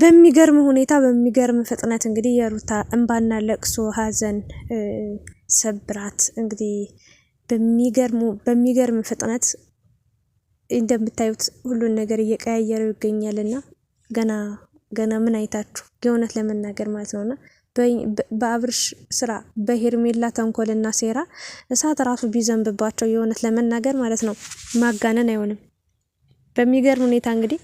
በሚገርም ሁኔታ በሚገርም ፍጥነት እንግዲህ የሩታ እንባና ለቅሶ ሀዘን ሰብራት እንግዲህ በሚገርም ፍጥነት እንደምታዩት ሁሉን ነገር እየቀያየረው ይገኛልና ገና ገና ምን አይታችሁ የእውነት ለመናገር ማለት ነውና በአብርሽ ስራ በሄርሜላ እና ሴራ እሳት ራሱ ቢዘንብባቸው የእውነት ለመናገር ማለት ነው ማጋነን አይሆንም። በሚገርም ሁኔታ እንግዲህ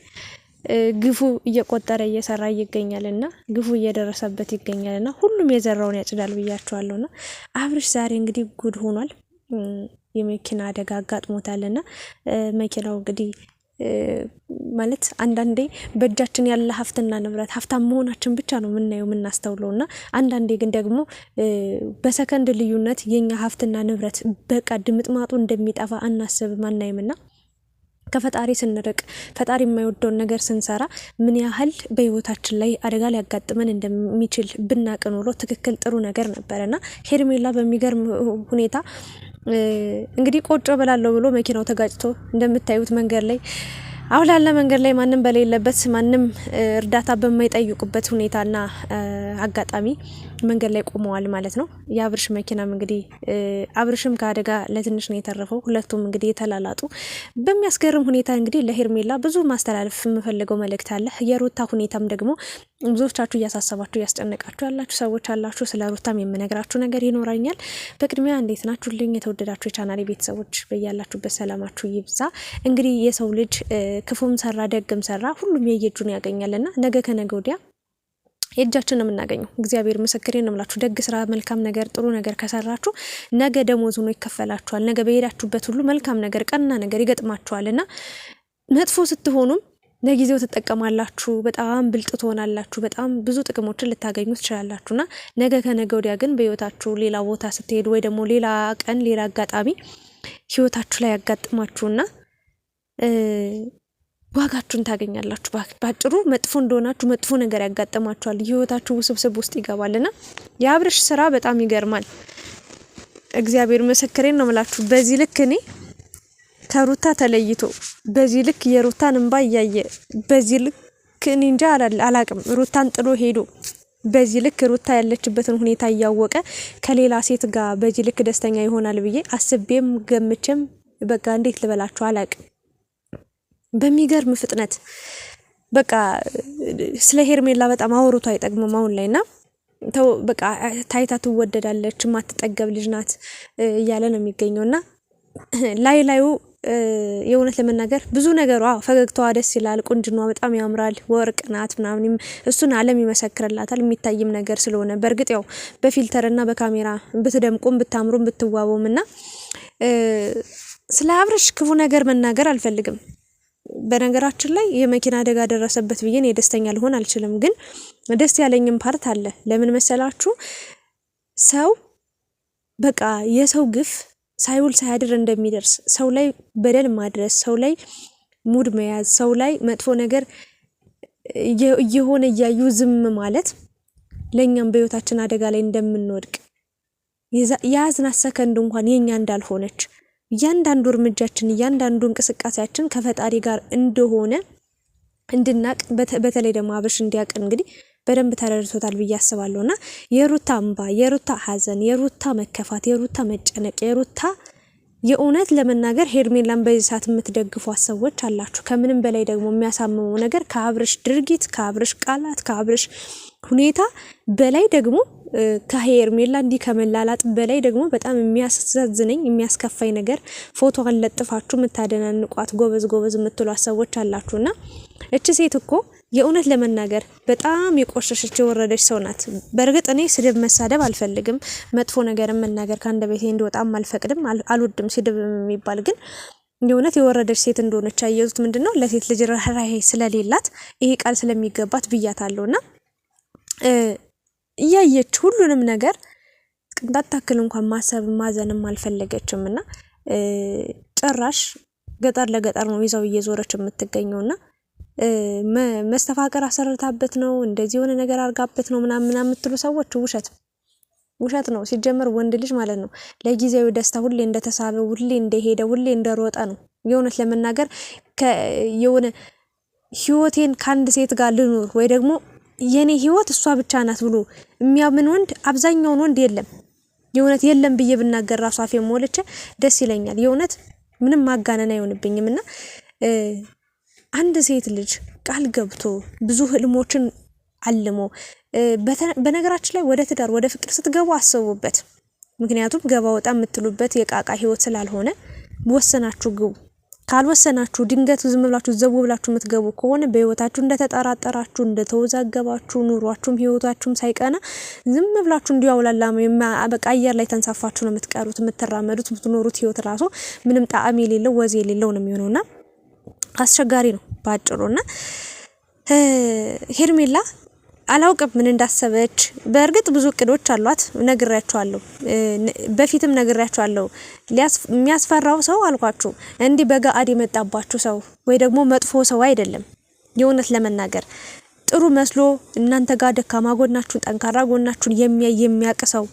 ግፉ እየቆጠረ እየሰራ ይገኛል እና ግፉ እየደረሰበት ይገኛል እና ሁሉም የዘራውን ያጭዳል ብያቸዋለሁ። እና አብርሽ ዛሬ እንግዲህ ጉድ ሆኗል። የመኪና አደጋ አጋጥሞታል እና መኪናው እንግዲህ ማለት አንዳንዴ በእጃችን ያለ ሀብትና ንብረት ሀብታም መሆናችን ብቻ ነው የምናየው የምናስተውለው እና አንዳንዴ ግን ደግሞ በሰከንድ ልዩነት የኛ ሀብትና ንብረት በቃ ድምጥማጡ እንደሚጠፋ አናስብም አናይምና ከፈጣሪ ስንርቅ ፈጣሪ የማይወደውን ነገር ስንሰራ ምን ያህል በህይወታችን ላይ አደጋ ሊያጋጥመን እንደሚችል ብናቅ ኖሮ ትክክል ጥሩ ነገር ነበር እና ሄርሜላ በሚገርም ሁኔታ እንግዲህ ቆጮ በላለው ብሎ መኪናው ተጋጭቶ እንደምታዩት መንገድ ላይ አሁን ላለ መንገድ ላይ ማንም በሌለበት ማንም እርዳታ በማይጠይቁበት ሁኔታና አጋጣሚ መንገድ ላይ ቆመዋል ማለት ነው። የአብርሽ መኪናም እንግዲህ አብርሽም ከአደጋ ለትንሽ ነው የተረፈው። ሁለቱም እንግዲህ የተላላጡ በሚያስገርም ሁኔታ እንግዲህ ለሄርሜላ ብዙ ማስተላለፍ የምፈልገው መልእክት አለ። የሩታ ሁኔታም ደግሞ ብዙዎቻችሁ እያሳሰባችሁ እያስጨነቃችሁ ያላችሁ ሰዎች አላችሁ። ስለ ሩታም የምነግራችሁ ነገር ይኖረኛል። በቅድሚያ እንዴት ናችሁልኝ? የተወደዳችሁ የቻናሌ ቤተሰቦች በያላችሁበት ሰላማችሁ ይብዛ። እንግዲህ የሰው ልጅ ክፉም ሰራ ደግም ሰራ ሁሉም የየእጁን ያገኛልና ነገ ከነገ ወዲያ የእጃችን ነው የምናገኘው። እግዚአብሔር ምስክሬ ነው የምላችሁ። ደግ ስራ፣ መልካም ነገር፣ ጥሩ ነገር ከሰራችሁ ነገ ደሞዝ ሆኖ ይከፈላችኋል። ነገ በሄዳችሁበት ሁሉ መልካም ነገር፣ ቀና ነገር ይገጥማችኋል እና መጥፎ ስትሆኑም ለጊዜው ትጠቀማላችሁ። በጣም ብልጥ ትሆናላችሁ። በጣም ብዙ ጥቅሞችን ልታገኙ ትችላላችሁና ነገ ከነገ ወዲያ ግን በህይወታችሁ ሌላ ቦታ ስትሄዱ ወይ ደግሞ ሌላ ቀን ሌላ አጋጣሚ ህይወታችሁ ላይ ያጋጥማችሁና ዋጋችሁን ታገኛላችሁ። ባጭሩ መጥፎ እንደሆናችሁ መጥፎ ነገር ያጋጠማችኋል። የህይወታችሁ ውስብስብ ውስጥ ይገባልና የአብርሽ ስራ በጣም ይገርማል። እግዚአብሔር ምስክሬን ነው ምላችሁ። በዚህ ልክ እኔ ከሩታ ተለይቶ በዚህ ልክ የሩታን እንባ እያየ በዚህ ልክ እኔ እንጃ አላቅም። ሩታን ጥሎ ሄዶ በዚህ ልክ ሩታ ያለችበትን ሁኔታ እያወቀ ከሌላ ሴት ጋር በዚህ ልክ ደስተኛ ይሆናል ብዬ አስቤም ገምቼም በቃ እንዴት ልበላችሁ አላቅም። በሚገርም ፍጥነት በቃ ስለ ሄርሜላ በጣም አውርቶ አይጠቅምም አሁን ላይ ና ተው በቃ ታይታ ትወደዳለች፣ ማትጠገብ ልጅ ናት እያለ ነው የሚገኘው እና ላይ ላዩ የእውነት ለመናገር ብዙ ነገሯ ፈገግታዋ ደስ ይላል፣ ቁንጅኗ በጣም ያምራል፣ ወርቅ ናት ምናምን እሱን ዓለም ይመሰክርላታል። የሚታይም ነገር ስለሆነ በእርግጥ ያው በፊልተርና በካሜራ ብትደምቁም ብታምሩም ብትዋቡም እና ስለ አብርሽ ክፉ ነገር መናገር አልፈልግም። በነገራችን ላይ የመኪና አደጋ ደረሰበት ብዬ እኔ ደስተኛ ልሆን አልችልም። ግን ደስ ያለኝም ፓርት አለ። ለምን መሰላችሁ? ሰው በቃ የሰው ግፍ ሳይውል ሳያድር እንደሚደርስ ሰው ላይ በደል ማድረስ፣ ሰው ላይ ሙድ መያዝ፣ ሰው ላይ መጥፎ ነገር እየሆነ እያዩ ዝም ማለት ለእኛም በህይወታችን አደጋ ላይ እንደምንወድቅ የያዝናት ሰከንድ እንኳን የእኛ እንዳልሆነች እያንዳንዱ እርምጃችን እያንዳንዱ እንቅስቃሴያችን ከፈጣሪ ጋር እንደሆነ እንድናቅ በተለይ ደግሞ አብርሽ እንዲያቅ እንግዲህ በደንብ ተረድቶታል ብዬ አስባለሁ እና የሩታ እንባ፣ የሩታ ሐዘን፣ የሩታ መከፋት፣ የሩታ መጨነቅ፣ የሩታ የእውነት ለመናገር ሄርሜላን በዚህ ሰዓት የምትደግፏት ሰዎች አላችሁ። ከምንም በላይ ደግሞ የሚያሳምመው ነገር ከአብርሽ ድርጊት፣ ከአብርሽ ቃላት፣ ከአብርሽ ሁኔታ በላይ ደግሞ ከሄርሜላ እንዲህ ከመላላጥ በላይ ደግሞ በጣም የሚያሳዝነኝ የሚያስከፋኝ ነገር ፎቶዋን ለጥፋችሁ የምታደናንቋት ጎበዝ ጎበዝ የምትሏት ሰዎች እና እች ሴት እኮ የእውነት ለመናገር በጣም የቆሸሸች የወረደች ሰው ናት። በእርግጥ እኔ ስድብ መሳደብ አልፈልግም፣ መጥፎ ነገር መናገር ከአንድ ቤቴ እንዲወጣም አልፈቅድም፣ አልወድም ስድብ የሚባል ግን የእውነት የወረደች ሴት እንደሆነች ያየዙት ምንድን ነው ለሴት ልጅ ርህራሄ ስለሌላት ይሄ ቃል ስለሚገባት ብያታለሁ እና እያየች ሁሉንም ነገር ቅንጣት ታክል እንኳን ማሰብ ማዘንም አልፈለገችም እና ጭራሽ ገጠር ለገጠር ነው ይዛው እየዞረች የምትገኘውና መስተፋቀር አሰርታበት ነው እንደዚህ የሆነ ነገር አርጋበት ነው ምናምን ምናምን የምትሉ ሰዎች ውሸት ውሸት ነው። ሲጀመር ወንድ ልጅ ማለት ነው ለጊዜያዊ ደስታ ሁሌ እንደተሳበ፣ ሁሌ እንደሄደ፣ ሁሌ እንደሮጠ ነው። የእውነት ለመናገር የሆነ ህይወቴን ከአንድ ሴት ጋር ልኑር ወይ ደግሞ የኔ ህይወት እሷ ብቻ ናት ብሎ የሚያምን ወንድ አብዛኛውን ወንድ የለም። የእውነት የለም ብዬ ብናገር ራሱ አፌ ሞልቼ ደስ ይለኛል። የእውነት ምንም ማጋነን አይሆንብኝም እና አንድ ሴት ልጅ ቃል ገብቶ ብዙ ህልሞችን አልሞ በነገራችን ላይ ወደ ትዳር ወደ ፍቅር ስትገቡ አስቡበት። ምክንያቱም ገባ ወጣ የምትሉበት የቃቃ ህይወት ስላልሆነ ወሰናችሁ ግቡ። ካልወሰናችሁ ድንገት ዝም ብላችሁ ብላችሁ የምትገቡ ከሆነ በህይወታችሁ እንደተጠራጠራችሁ እንደተወዛገባችሁ፣ ኑሯችሁም ህይወታችሁም ሳይቀና ዝም ብላችሁ እንዲሁ አውላላ በቃ አየር ላይ ተንሳፋችሁ ነው የምትቀሩት። የምትራመዱት የምትኖሩት ህይወት ራሱ ምንም ጣዕም የሌለው ወዝ የሌለው ነው የሚሆነውና አስቸጋሪ ነው እና ሄርሜላ አላውቅም ምን እንዳሰበች። በእርግጥ ብዙ እቅዶች አሏት፣ ነግሬያቸዋለሁ። በፊትም ነግሬያቸዋለሁ። የሚያስፈራው ሰው አልኳችሁ እንዲህ በገአድ የመጣባችሁ ሰው ወይ ደግሞ መጥፎ ሰው አይደለም። የእውነት ለመናገር ጥሩ መስሎ እናንተ ጋር ደካማ ጎናችሁን፣ ጠንካራ ጎናችሁን የሚያይ የሚያቅ ሰው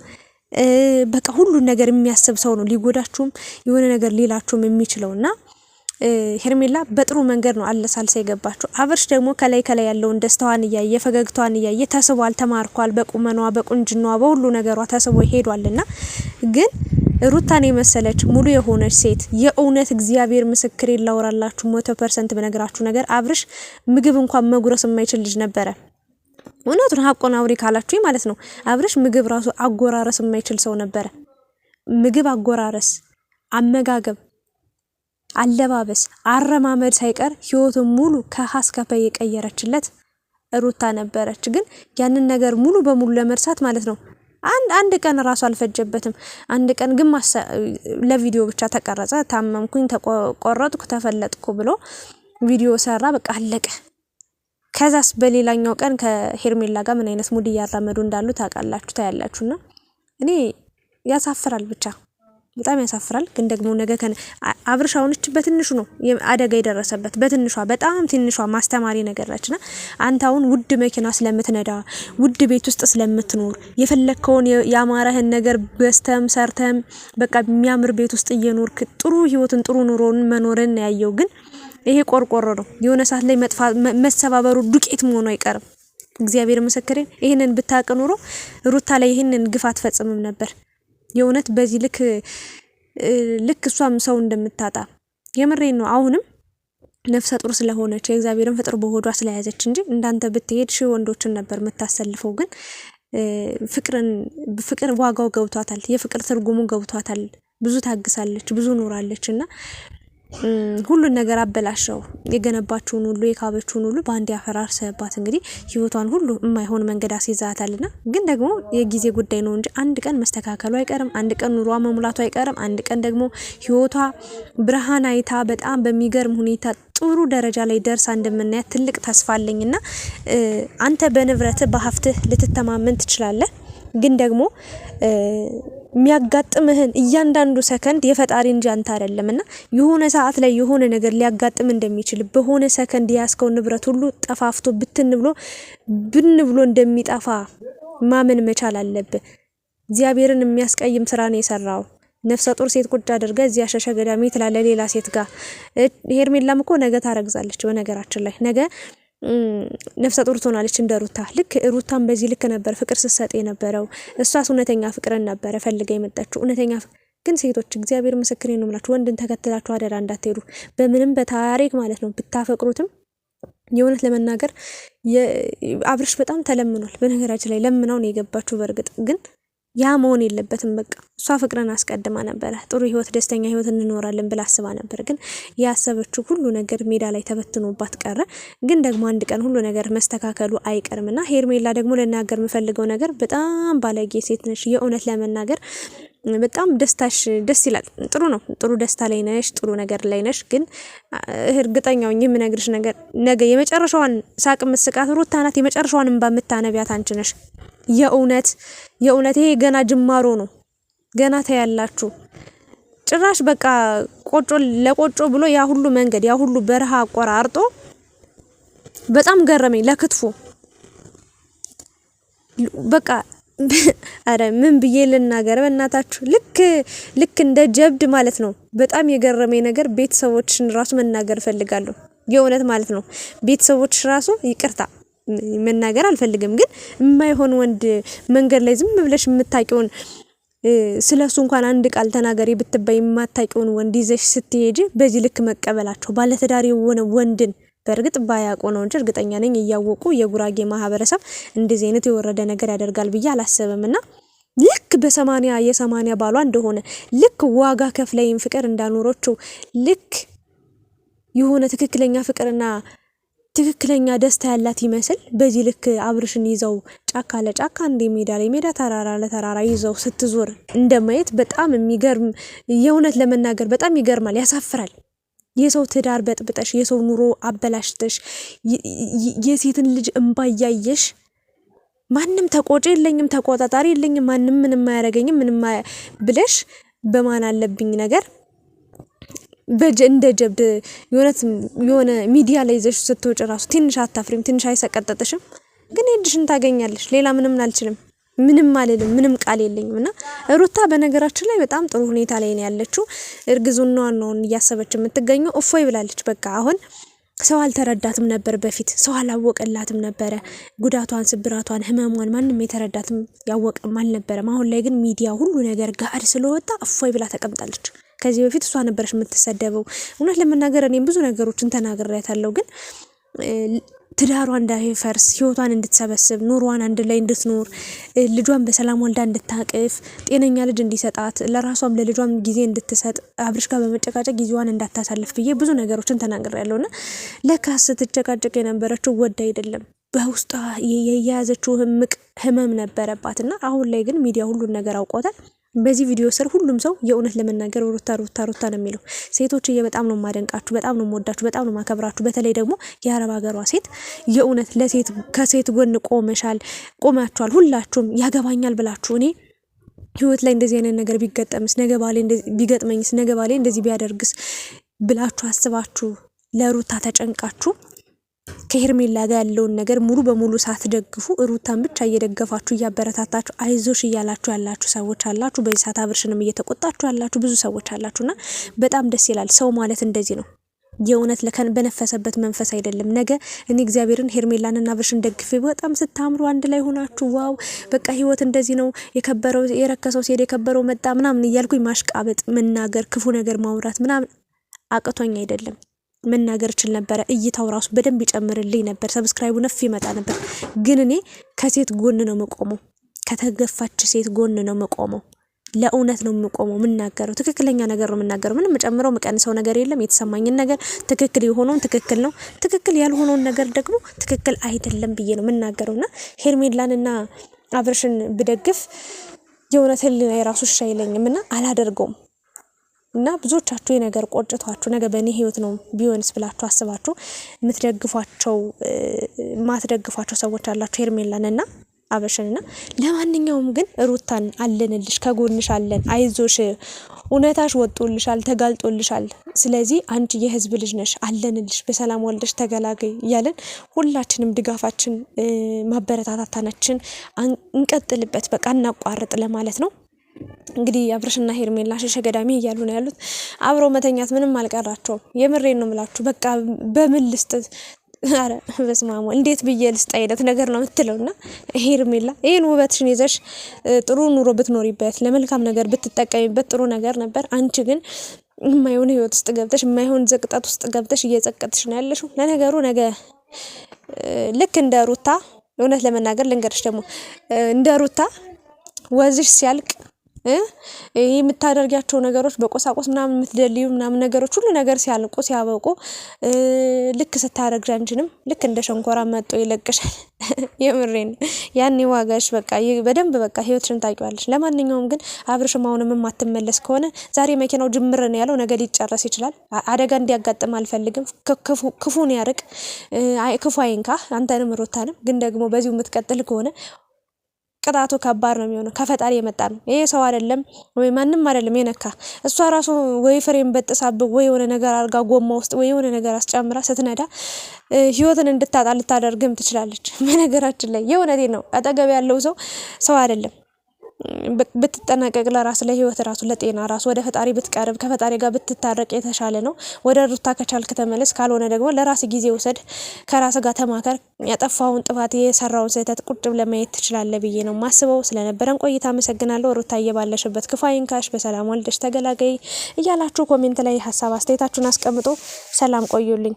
በቃ ሁሉን ነገር የሚያስብ ሰው ነው ሊጎዳችሁም የሆነ ነገር ሌላችሁም የሚችለውና ሄርሜላ በጥሩ መንገድ ነው አለሳልሳ የገባችሁ አብርሽ ደግሞ ከላይ ከላይ ያለውን ደስታዋን እያየ ፈገግታዋን እያየ ተስቧል፣ ተማርኳል። በቁመኗ በቁንጅናዋ በሁሉ ነገሯ ተስቦ ሄዷልና ግን ሩታን የመሰለች ሙሉ የሆነች ሴት የእውነት እግዚአብሔር ምስክር ላወራላችሁ መቶ ፐርሰንት በነገራችሁ ነገር አብርሽ ምግብ እንኳን መጉረስ የማይችል ልጅ ነበረ። እውነቱን ሀቆን አውሪ ካላችሁ ማለት ነው። አብርሽ ምግብ ራሱ አጎራረስ የማይችል ሰው ነበረ። ምግብ አጎራረስ፣ አመጋገብ አለባበስ፣ አረማመድ ሳይቀር ህይወቱን ሙሉ ከሀ እስከ ፐ የቀየረችለት ሩታ ነበረች። ግን ያንን ነገር ሙሉ በሙሉ ለመርሳት ማለት ነው አንድ አንድ ቀን ራሱ አልፈጀበትም። አንድ ቀን ግን ለቪዲዮ ብቻ ተቀረጸ። ታመምኩኝ፣ ተቆረጥኩ፣ ተፈለጥኩ ብሎ ቪዲዮ ሰራ። በቃ አለቀ። ከዛስ በሌላኛው ቀን ከሄርሜላ ጋር ምን አይነት ሙድ እያራመዱ እንዳሉ ታውቃላችሁ፣ ታያላችሁና እኔ ያሳፍራል ብቻ በጣም ያሳፍራል። ግን ደግሞ ነገ ከነ አብርሽ አሁንች በትንሹ ነው አደጋ የደረሰበት በትንሿ በጣም ትንሿ ማስተማሪ ነገር ና አንተ አሁን ውድ መኪና ስለምትነዳ ውድ ቤት ውስጥ ስለምትኖር የፈለግከውን ያማረህን ነገር በስተም ሰርተም በቃ የሚያምር ቤት ውስጥ እየኖርክ ጥሩ ህይወትን ጥሩ ኑሮን መኖርን ያየው ግን ይሄ ቆርቆሮ ነው። የሆነ ሰዓት ላይ መሰባበሩ ዱቄት መሆኑ አይቀርም። እግዚአብሔር ምስክሬን። ይህንን ብታቅ ኑሮ ሩታ ላይ ይህንን ግፍ አትፈጽምም ነበር። የእውነት በዚህ ልክ ልክ እሷም ሰው እንደምታጣ የምሬን ነው። አሁንም ነፍሰ ጡር ስለሆነች የእግዚአብሔርን ፍጥር በሆዷ ስለያዘች እንጂ እንዳንተ ብትሄድ ሺህ ወንዶችን ነበር የምታሰልፈው። ግን ፍቅርን ፍቅር ዋጋው ገብቷታል። የፍቅር ትርጉሙ ገብቷታል። ብዙ ታግሳለች፣ ብዙ ኖራለች እና ሁሉን ነገር አበላሸው። የገነባችውን ሁሉ የካበችውን ሁሉ በአንድ ያፈራርሰባት እንግዲህ ህይወቷን ሁሉ የማይሆን መንገድ አስይዛታልና፣ ግን ደግሞ የጊዜ ጉዳይ ነው እንጂ አንድ ቀን መስተካከሉ አይቀርም። አንድ ቀን ኑሯ መሙላቱ አይቀርም። አንድ ቀን ደግሞ ህይወቷ ብርሃን አይታ በጣም በሚገርም ሁኔታ ጥሩ ደረጃ ላይ ደርሳ እንደምናያት ትልቅ ተስፋ አለኝና አንተ በንብረትህ በሀብትህ ልትተማመን ትችላለህ ግን ደግሞ የሚያጋጥምህን እያንዳንዱ ሰከንድ የፈጣሪ እንጂ አንተ አይደለም እና የሆነ ሰዓት ላይ የሆነ ነገር ሊያጋጥም እንደሚችል በሆነ ሰከንድ የያዝከው ንብረት ሁሉ ጠፋፍቶ ብትን ብሎ ብን ብሎ እንደሚጠፋ ማመን መቻል አለብህ። እግዚአብሔርን የሚያስቀይም ስራ ነው የሰራው። ነፍሰ ጡር ሴት ቁጭ አድርጋ እዚያ ሸሸ ገዳሜ ትላለ ሌላ ሴት ጋር። ሄርሜላም እኮ ነገ ታረግዛለች። በነገራችን ላይ ነገ ነፍሰ ጡር ትሆናለች እንደ ሩታ። ልክ ሩታን በዚህ ልክ ነበር ፍቅር ስትሰጥ የነበረው። እሷስ እውነተኛ ፍቅርን ነበረ ፈልጋ የመጣችው እውነተኛ ግን ሴቶች እግዚአብሔር ምስክሬ ነው የምላችሁ፣ ወንድን ተከትላችሁ አደራ እንዳትሄዱ በምንም በታሪክ ማለት ነው። ብታፈቅሩትም የእውነት ለመናገር አብርሽ በጣም ተለምኗል። በነገራችን ላይ ለምናውን የገባችሁ በእርግጥ ግን ያ መሆን የለበትም። በቃ እሷ ፍቅርን አስቀድማ ነበረ። ጥሩ ህይወት፣ ደስተኛ ህይወት እንኖራለን ብላ አስባ ነበር። ግን ያሰበችው ሁሉ ነገር ሜዳ ላይ ተበትኖባት ቀረ። ግን ደግሞ አንድ ቀን ሁሉ ነገር መስተካከሉ አይቀርም እና ሄርሜላ ደግሞ ልናገር የምፈልገው ነገር በጣም ባለጌ ሴት ነሽ። የእውነት ለመናገር በጣም ደስታሽ ደስ ይላል። ጥሩ ነው። ጥሩ ደስታ ላይ ነሽ፣ ጥሩ ነገር ላይ ነሽ። ግን እርግጠኛው የምነግርሽ ነገር ነገ የመጨረሻዋን ሳቅ ምስቃት ሩታ ናት። የመጨረሻዋን እንባ የምታነቢያት አንቺ ነሽ። የእውነት የእውነት ይሄ ገና ጅማሮ ነው። ገና ታያላችሁ። ጭራሽ በቃ ቆጮ ለቆጮ ብሎ ያ ሁሉ መንገድ ያ ሁሉ በረሃ አቆራርጦ በጣም ገረመኝ። ለክትፎ በቃ አረ ምን ብዬ ልናገር? በእናታችሁ ልክ ልክ እንደ ጀብድ ማለት ነው። በጣም የገረመኝ ነገር ቤተሰቦችን ራሱ መናገር እፈልጋለሁ። የእውነት ማለት ነው ቤተሰቦች ራሱ ይቅርታ መናገር አልፈልግም፣ ግን የማይሆን ወንድ መንገድ ላይ ዝም ብለሽ የምታውቂውን ስለ እሱ እንኳን አንድ ቃል ተናገሪ ብትባይ የማታውቂውን ወንድ ይዘሽ ስትሄጂ በዚህ ልክ መቀበላቸው ባለትዳር የሆነ ወንድን በእርግጥ ባያውቁ ነው እንጂ እርግጠኛ ነኝ እያወቁ የጉራጌ ማህበረሰብ እንደዚህ አይነት የወረደ ነገር ያደርጋል ብዬ አላሰብም። እና ልክ በሰማኒያ የሰማኒያ ባሏ እንደሆነ ልክ ዋጋ ከፍ ከፍላይም ፍቅር እንዳኖሮችው ልክ የሆነ ትክክለኛ ፍቅርና ትክክለኛ ደስታ ያላት ይመስል በዚህ ልክ አብርሽን ይዘው ጫካ ለጫካ እንደ ሜዳ ላይ ሜዳ ተራራ ለተራራ ይዘው ስትዞር እንደማየት በጣም የሚገርም የእውነት ለመናገር በጣም ይገርማል፣ ያሳፍራል። የሰው ትዳር በጥብጠሽ፣ የሰው ኑሮ አበላሽተሽ፣ የሴትን ልጅ እንባ እያየሽ ማንም ተቆጪ የለኝም ተቆጣጣሪ የለኝም ማንም ምንም አያደርገኝም ምንም ብለሽ በማን አለብኝ ነገር እንደ ጀብድ የሆነት የሆነ ሚዲያ ላይ ይዘሽ ስትወጭ ራሱ ትንሽ አታፍሪም? ትንሽ አይሰቀጠጥሽም? ግን ሄድሽን ታገኛለሽ። ሌላ ምንም አልችልም፣ ምንም አልልም፣ ምንም ቃል የለኝም። እና ሩታ በነገራችን ላይ በጣም ጥሩ ሁኔታ ላይ ነው ያለችው። እርግዝናዋን ነው እያሰበች የምትገኘው። እፎይ ብላለች። በቃ አሁን ሰው አልተረዳትም ነበር በፊት ሰው አላወቀላትም ነበረ። ጉዳቷን፣ ስብራቷን፣ ህመሟን ማንም የተረዳትም ያወቀም አልነበረም። አሁን ላይ ግን ሚዲያ ሁሉ ነገር ጋር ስለወጣ እፎይ ብላ ተቀምጣለች። ከዚህ በፊት እሷ ነበረች የምትሰደበው። እውነት ለመናገር እኔም ብዙ ነገሮችን ተናግሬያታለሁ ግን ትዳሯ እንዳይፈርስ ህይወቷን እንድትሰበስብ ኑሯን አንድ ላይ እንድትኖር ልጇን በሰላም ወልዳ እንድታቅፍ ጤነኛ ልጅ እንዲሰጣት ለራሷም ለልጇም ጊዜ እንድትሰጥ አብርሽ ጋር በመጨቃጨቅ ጊዜዋን እንዳታሳልፍ ብዬ ብዙ ነገሮችን ተናግሬያለሁ እና ለካ ስትጨቃጨቅ የነበረችው ወድ አይደለም በውስጧ የያዘችው ምቅ ህመም ነበረባት እና አሁን ላይ ግን ሚዲያ ሁሉን ነገር አውቆታል። በዚህ ቪዲዮ ስር ሁሉም ሰው የእውነት ለመናገር ሩታ ሩታ ሩታ ነው የሚለው። ሴቶችዬ በጣም ነው ማደንቃችሁ፣ በጣም ነው የምወዳችሁ፣ በጣም ነው ማከብራችሁ። በተለይ ደግሞ የአረብ ሀገሯ ሴት የእውነት ለሴት ከሴት ጎን ቆመሻል፣ ቆማችኋል። ሁላችሁም ያገባኛል ብላችሁ እኔ ህይወት ላይ እንደዚህ አይነት ነገር ቢገጠምስ ነገ ባሌ ቢገጥመኝስ ነገ ባሌ እንደዚህ ቢያደርግስ ብላችሁ አስባችሁ ለሩታ ተጨንቃችሁ ከሄርሜላ ጋር ያለውን ነገር ሙሉ በሙሉ ሳትደግፉ ሩታን ብቻ እየደገፋችሁ እያበረታታችሁ አይዞሽ እያላችሁ ያላችሁ ሰዎች አላችሁ። በዚህ ሰዓት አብርሽንም እየተቆጣችሁ ያላችሁ ብዙ ሰዎች አላችሁና በጣም ደስ ይላል። ሰው ማለት እንደዚህ ነው። የእውነት ለከን በነፈሰበት መንፈስ አይደለም። ነገ እኔ እግዚአብሔርን ሄርሜላንና አብርሽን ደግፌ በጣም ስታምሩ አንድ ላይ ሆናችሁ ዋው በቃ ህይወት እንደዚህ ነው የከበረው የረከሰው ሲሄድ የከበረው መጣ ምናምን እያልኩኝ ማሽቃበጥ፣ መናገር፣ ክፉ ነገር ማውራት ምናምን አቅቶኝ አይደለም። መናገር እችል ነበረ። እይታው ራሱ በደንብ ይጨምርልኝ ነበር። ሰብስክራይቡ ነፍ ይመጣ ነበር። ግን እኔ ከሴት ጎን ነው መቆመው፣ ከተገፋች ሴት ጎን ነው መቆመው። ለእውነት ነው የምቆመው። የምናገረው ትክክለኛ ነገር ነው የምናገረው። ምንም ጨምረው የምቀንሰው ነገር የለም። የተሰማኝን ነገር ትክክል የሆነውን ትክክል ነው፣ ትክክል ያልሆነውን ነገር ደግሞ ትክክል አይደለም ብዬ ነው የምናገረው። እና ሄርሜላንና አብርሽን ብደግፍ የእውነት ህሊና የራሱ አይለኝም እና አላደርገውም። እና ብዙዎቻችሁ የነገር ቆጭቷችሁ ነገ በእኔ ህይወት ነው ቢሆንስ ብላችሁ አስባችሁ የምትደግፏቸው ማትደግፏቸው ሰዎች አላችሁ ሄርሜላን እና አበሽንና ለማንኛውም ግን ሩታን አለንልሽ፣ ከጎንሽ አለን፣ አይዞሽ፣ እውነታሽ ወጦልሻል፣ ተጋልጦልሻል። ስለዚህ አንቺ የህዝብ ልጅ ነሽ፣ አለንልሽ፣ በሰላም ወልደሽ ተገላገይ እያለን ሁላችንም ድጋፋችን ማበረታታታናችን እንቀጥልበት፣ በቃ እናቋርጥ ለማለት ነው። እንግዲህ አብርሽና ሄርሜላ ሸሸ ገዳሚ እያሉ ነው ያሉት። አብሮ መተኛት ምንም አልቀራቸውም። የምሬን ነው ምላችሁ። በቃ በምን ልስጥ አረ በስመ አብ እንዴት ብዬ ልስጥ አይነት ነገር ነው የምትለውና ሄርሜላ ይህን ውበትሽን ይዘሽ ጥሩ ኑሮ ብትኖሪበት፣ ለመልካም ነገር ብትጠቀሚበት ጥሩ ነገር ነበር። አንቺ ግን የማይሆን ህይወት ውስጥ ገብተሽ የማይሆን ዘቅጠት ውስጥ ገብተሽ እየጸቀጥሽ ነው ያለሽው። ለነገሩ ነገ ልክ እንደ ሩታ እውነት ለመናገር ልንገርሽ ደግሞ እንደ ሩታ ወዝሽ ሲያልቅ ይሄ የምታደርጊያቸው ነገሮች በቆሳቆስ ምናምን የምትደልዩ ምናምን ነገሮች ሁሉ ነገር ሲያልቁ ሲያበቁ ልክ ስታረግዣ አንቺንም ልክ እንደ ሸንኮራ መጦ ይለቅሻል። የምሬን ያኔ ዋጋሽ በቃ በደንብ በቃ ህይወትሽን ታውቂዋለሽ። ለማንኛውም ግን አብርሽም አሁንም የማትመለስ ከሆነ ዛሬ መኪናው ጅምር ነው ያለው፣ ነገ ሊጨረስ ይችላል። አደጋ እንዲያጋጥም አልፈልግም። ክፉን ያርቅ፣ ክፉ አይንካ አንተንም ሮታንም። ግን ደግሞ በዚሁ የምትቀጥል ከሆነ ቅጣቱ ከባድ ነው የሚሆነው። ከፈጣሪ የመጣ ነው። ይሄ ሰው አይደለም ወይ ማንም አይደለም የነካ። እሷ ራሱ ወይ ፍሬም በጥሳብ ወይ የሆነ ነገር አድርጋ ጎማ ውስጥ ወይ የሆነ ነገር አስጨምራ ስትነዳ ህይወትን እንድታጣ ልታደርግም ትችላለች። በነገራችን ላይ የእውነቴ ነው። አጠገብ ያለው ሰው ሰው አይደለም። ብትጠነቀቅ ለራስ ለህይወት ራሱ ለጤና ራሱ ወደ ፈጣሪ ብትቀርብ ከፈጣሪ ጋር ብትታረቅ የተሻለ ነው። ወደ ሩታ ከቻልክ ተመለስ፣ ካልሆነ ደግሞ ለራስ ጊዜ ውሰድ፣ ከራስ ጋር ተማከር። ያጠፋውን ጥፋት የሰራውን ስህተት ቁጭ ለማየት ትችላለ ብዬ ነው ማስበው። ስለነበረን ቆይታ አመሰግናለሁ። ሩታ እየባለሽበት ክፉ አይንካሽ፣ በሰላም ወልደሽ ተገላገይ እያላችሁ ኮሜንት ላይ ሀሳብ አስተያየታችሁን አስቀምጦ ሰላም ቆዩልኝ።